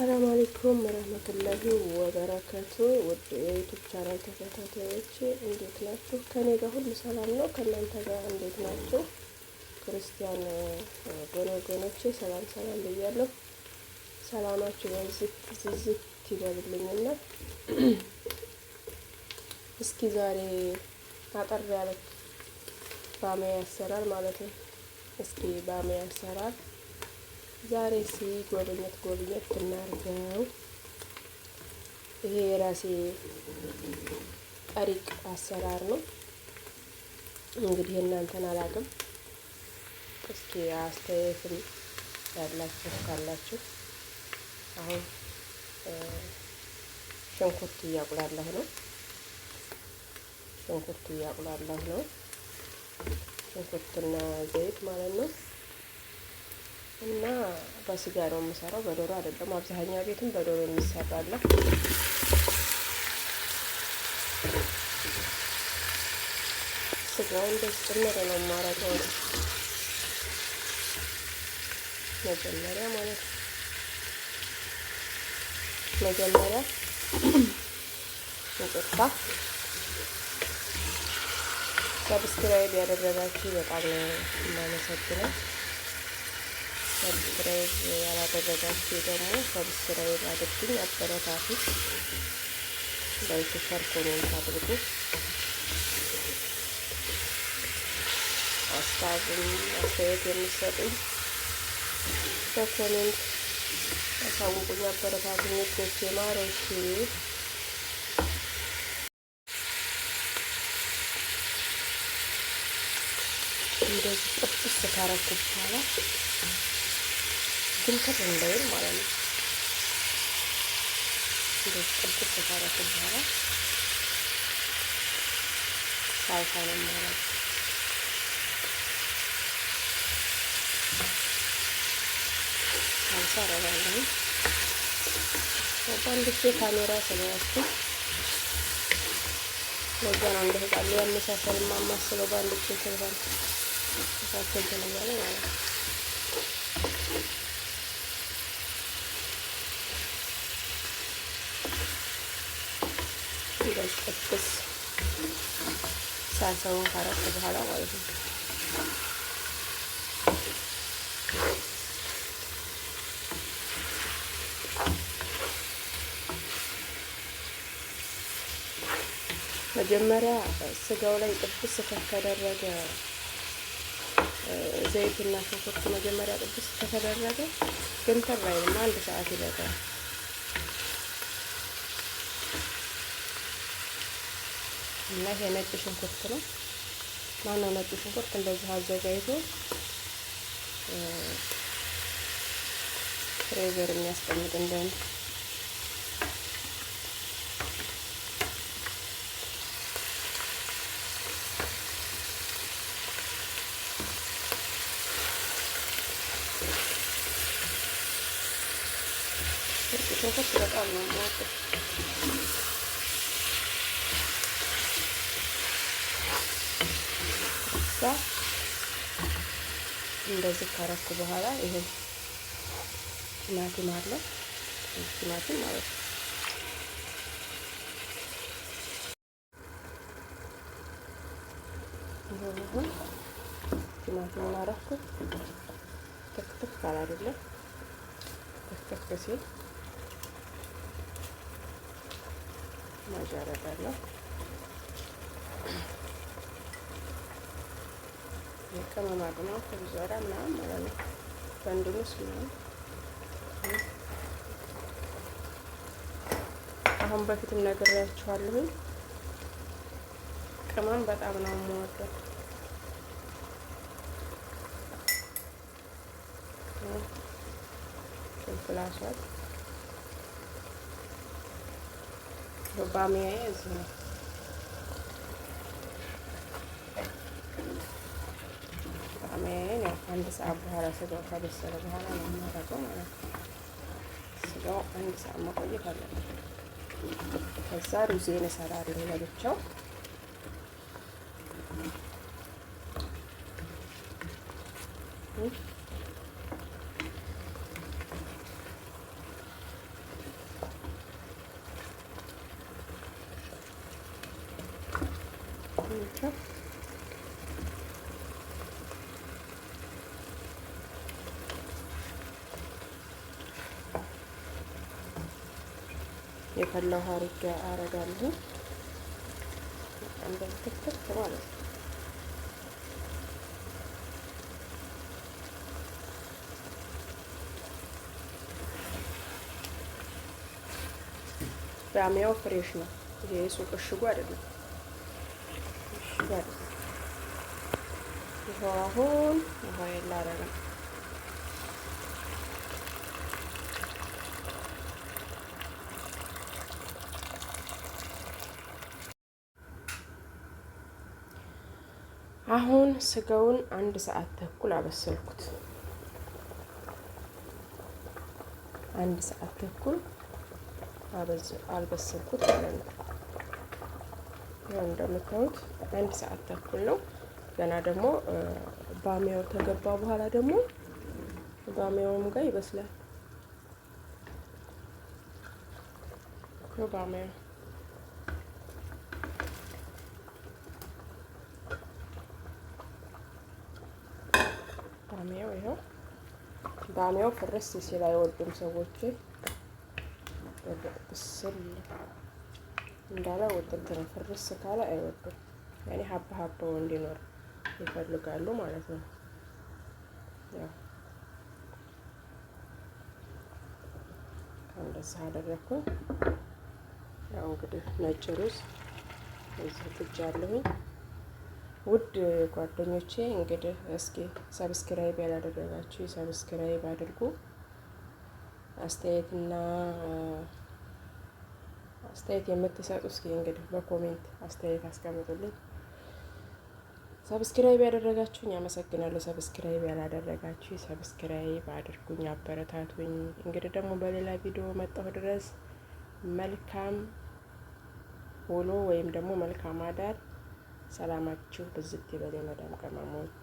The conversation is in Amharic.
አሰላሙ አሌይኩም ወረህመቱላሂ ወበረከቱ። ውድ የዩቱብ ቻናል ተከታታዮች እንዴት ናችሁ? ከኔ ጋር ሁሉ ሰላም ነው። ከእናንተ ጋር እንዴት ናችሁ? ክርስቲያን ጎነጎኖቼ ሰላም ሰላም ብያለሁ። ሰላማችሁ በዝት ዝዝት ይበልልኝና እስኪ ዛሬ አጠር ያለች ባሚያ አሰራር ማለት ነው። እስኪ ባሚያ አሰራር ዛሬ ሲ ጎብኘት ጎብኘት እናርገው። ይሄ የራሴ ጠሪቅ አሰራር ነው። እንግዲህ እናንተን አላቅም። እስኪ አስተያየትም ያላችሁ ካላችሁ አሁን ሽንኩርት እያቁላለሁ ነው። ሽንኩርት እያቁላለሁ ነው። ሽንኩርትና ዘይት ማለት ነው። እና በስጋ ነው የምሰራው፣ በዶሮ አይደለም። አብዛኛው ቤትም በዶሮ የሚሰራለ ስጋውን እንደዚህ ጭምር ነው ማረገው መጀመሪያ ማለት ነው። መጀመሪያ እንቁርታ ሰብስክራይብ ያደረጋችሁ በጣም ነው የማመሰግነው። ሰብስክራይብ ያላደረጋችሁ ደግሞ ሰብስክራይብ አድርጉኝ፣ አበረታቱ። ላይክ፣ ሸር፣ ኮሜንት አድርጉ። ሀሳብን አስተያየት የሚሰጡኝ በኮሜንት ያሳውቁኝ፣ አበረታቱኝ። ውዶቼ ማሮቼ እንደዚህ ጥብስ ካረኩ በኋላ ሽንትር እንዳይል ማለት ነው። እንደዚህ ጥብቅ ተሳረቱ በኋላ ሳልሳ ነው ማለት ሳልሳ ረባለሁ። በጣም ካሜራ ስለያዝኩኝ ለዛ ነው እንደ ህጻሉ ያመሳሰል ማማስለው በአንድ ቼ ስለሆነ ተሳቸው ተነጋለ ማለት ነው። ትንሽ ጥብስ ሳሰውን ካረኩ በኋላ ማለት ነው። መጀመሪያ ስጋው ላይ ጥብስ ከተደረገ ዘይትና ሽንኩርት መጀመሪያ ጥብስ ከተደረገ ገንተር ላይ አንድ ሰዓት ይለጋል። እና ይሄ ነጭ ሽንኩርት ነው። ማነው ነጭ ሽንኩርት እንደዚህ አዘጋጅቶ ፍሬዘር የሚያስቀምጥ እንደሆነ ሽንኩርት በጣም ነው እዛ እንደዚህ ካረኩ በኋላ ይሄን ቲማቲም አለ ቲማቲም ማለት ነው። ይሄን ቲማቲም ትክትክ ካል ትክትክ ሲል ቅመማ ቅመም ምናምን ማለት ነው። ምናምን አሁን በፊትም ነግሬያችኋለሁ። ቅመም በጣም ነው የምወደው። ፍላሷት ባሚያዬ እዚህ ነው። አንድ ሰዓት በኋላ ስጋው ከበሰለ በኋላ ነው የማደርገው ማለት ነው። ስጋው አንድ ሰዓት መቆየት አለበት። ከዛ ሩዜን እሰራለሁ ለብቻው የፈላ ውሃ አድርጌ አረጋለሁ። እንደዚህ ትክትክ ማለት ነው። ባሚያው ፍሬሽ ነው። የሱቅ እሽጉ አይደለም፣ እሽጉ አይደለም። ይኸው አሁን ውሃ የላረጋ አሁን ስጋውን አንድ ሰዓት ተኩል አበሰልኩት። አንድ ሰዓት ተኩል አልበሰልኩት ማለት ነው። ያው እንደምታዩት አንድ ሰዓት ተኩል ነው። ገና ደግሞ ባሚያው ተገባ በኋላ ደግሞ ባሚያውም ጋር ይበስላል ባሚያው ዳሚያው ይኸው ዳሚያው ፍርስ ሲል አይወዱም ሰዎች ብስል እንዳለ ውጥንት ነው። ፍርስ ካለ አይወዱም። ያኔ ሀባ ሀባው እንዲኖር ይፈልጋሉ ማለት ነው። ያው እንደዚህ አደረግኩ። ያው እንግዲህ ነጭ ሩዝ እዚህ ጥጃ አለሁኝ። ውድ ጓደኞቼ እንግዲህ እስኪ ሰብስክራይብ ያላደረጋችሁ ሰብስክራይብ አድርጉ። አስተያየትና አስተያየት የምትሰጡ እስኪ እንግዲህ በኮሜንት አስተያየት አስቀምጡልኝ። ሰብስክራይብ ያደረጋችሁኝ አመሰግናለሁ። ሰብስክራይብ ያላደረጋችሁ ሰብስክራይብ አድርጉኝ፣ አበረታቱኝ። እንግዲህ ደግሞ በሌላ ቪዲዮ መጣሁ ድረስ መልካም ውሎ ወይም ደግሞ መልካም አዳር ሰላማችሁ ብዝት ይበል። የመዳም ቅመሞች